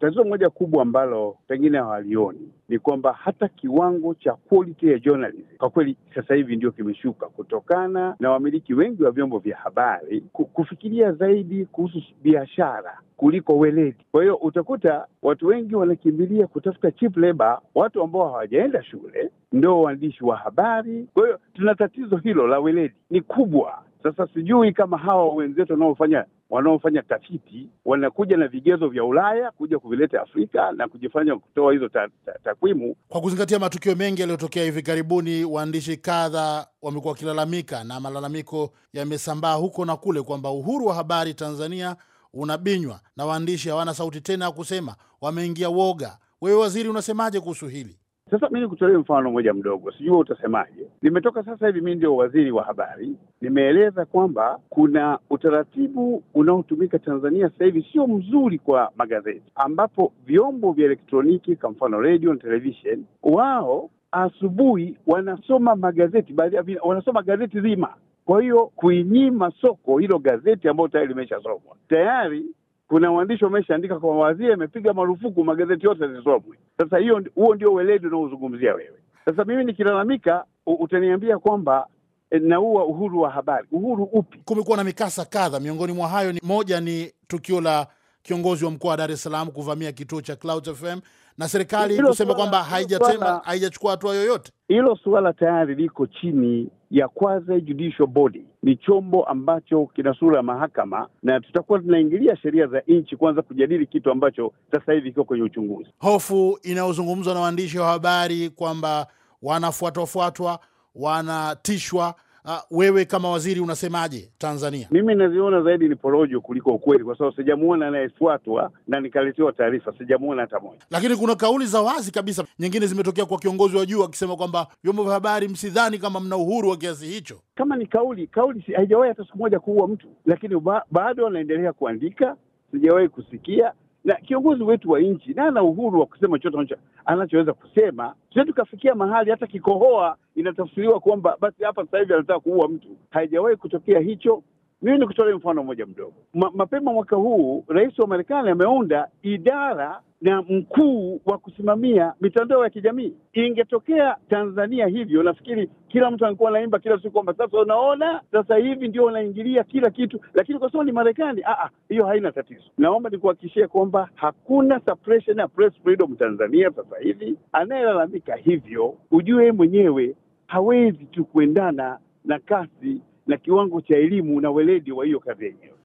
Tatizo moja kubwa ambalo pengine hawalioni ni kwamba hata kiwango cha quality ya journalism kwa kweli sasa hivi ndio kimeshuka kutokana na wamiliki wengi wa vyombo vya habari kufikiria zaidi kuhusu biashara kuliko weledi. Kwa hiyo utakuta watu wengi wanakimbilia kutafuta chip labor, watu ambao hawajaenda shule ndo waandishi wa habari. Kwa hiyo tuna tatizo hilo la weledi, ni kubwa sasa sijui kama hawa wenzetu wanaofanya wanaofanya tafiti wanakuja na vigezo vya Ulaya kuja kuvileta Afrika na kujifanya kutoa hizo takwimu ta, ta, kwa kuzingatia matukio mengi yaliyotokea hivi karibuni. Waandishi kadha wamekuwa wakilalamika na malalamiko yamesambaa huko na kule kwamba uhuru wa habari Tanzania unabinywa na waandishi hawana sauti tena ya kusema, wameingia woga. Wewe waziri, unasemaje kuhusu hili? Sasa mi nikutolee mfano mmoja mdogo, sijui utasemaje. Nimetoka sasa hivi, mi ndio waziri wa habari, nimeeleza kwamba kuna utaratibu unaotumika Tanzania sasa hivi sio mzuri kwa magazeti, ambapo vyombo vya elektroniki kwa mfano radio na television, wao asubuhi wanasoma magazeti, baadhi wanasoma gazeti zima. Kwa hiyo kuinyima soko hilo gazeti ambayo tayari limeshasomwa tayari kuna waandishi wameshaandika kwa waziri amepiga marufuku magazeti yote zisomwe. Sasa hiyo huo ndio weledi unaozungumzia wewe. Sasa mimi nikilalamika, utaniambia kwamba e, naua uhuru wa habari. Uhuru upi? Kumekuwa na mikasa kadha, miongoni mwa hayo ni moja, ni tukio la kiongozi wa mkoa wa Dar es Salaam kuvamia kituo cha Clouds FM na serikali kusema kwamba haijachukua hatua yoyote. Hilo suala tayari liko chini ya Kwaze Judicial Body ni chombo ambacho kina sura ya mahakama na tutakuwa tunaingilia sheria za nchi kwanza kujadili kitu ambacho sasa hivi kiko kwenye uchunguzi. Hofu inayozungumzwa na waandishi wa habari kwamba wanafuatwafuatwa, wanatishwa Uh, wewe kama waziri unasemaje Tanzania? Mimi naziona zaidi ni porojo kuliko ukweli, kwa sababu sijamuona anayefuatwa na nikaletewa taarifa, sijamuona hata moja. Lakini kuna kauli za wazi kabisa nyingine zimetokea kwa kiongozi wa juu akisema kwamba vyombo vya habari msidhani kama mna uhuru wa kiasi hicho. Kama ni kauli kauli, haijawahi hata siku moja kuua mtu, lakini ba, bado wanaendelea kuandika, sijawahi kusikia na kiongozi wetu wa nchi na ana uhuru wa kusema chochote anachoweza kusema. Tusie tukafikia mahali hata kikohoa inatafsiriwa kwamba basi hapa sasa hivi anataka kuua mtu. Haijawahi kutokea hicho, mimi nikutolee mfano mmoja mdogo. Ma, mapema mwaka huu rais wa Marekani ameunda idara na mkuu wa kusimamia mitandao ya kijamii. Ingetokea Tanzania hivyo, nafikiri kila mtu angekuwa anaimba kila siku kwamba sasa unaona, sasa hivi ndio wanaingilia kila kitu, lakini kwa sababu ni Marekani, ah, ah, hiyo haina tatizo. Naomba nikuhakikishie kwamba hakuna suppression ya press freedom Tanzania sasa hivi. Anayelalamika hivyo, ujue mwenyewe hawezi tu kuendana na kasi na kiwango cha elimu na weledi wa hiyo kazi yenyewe.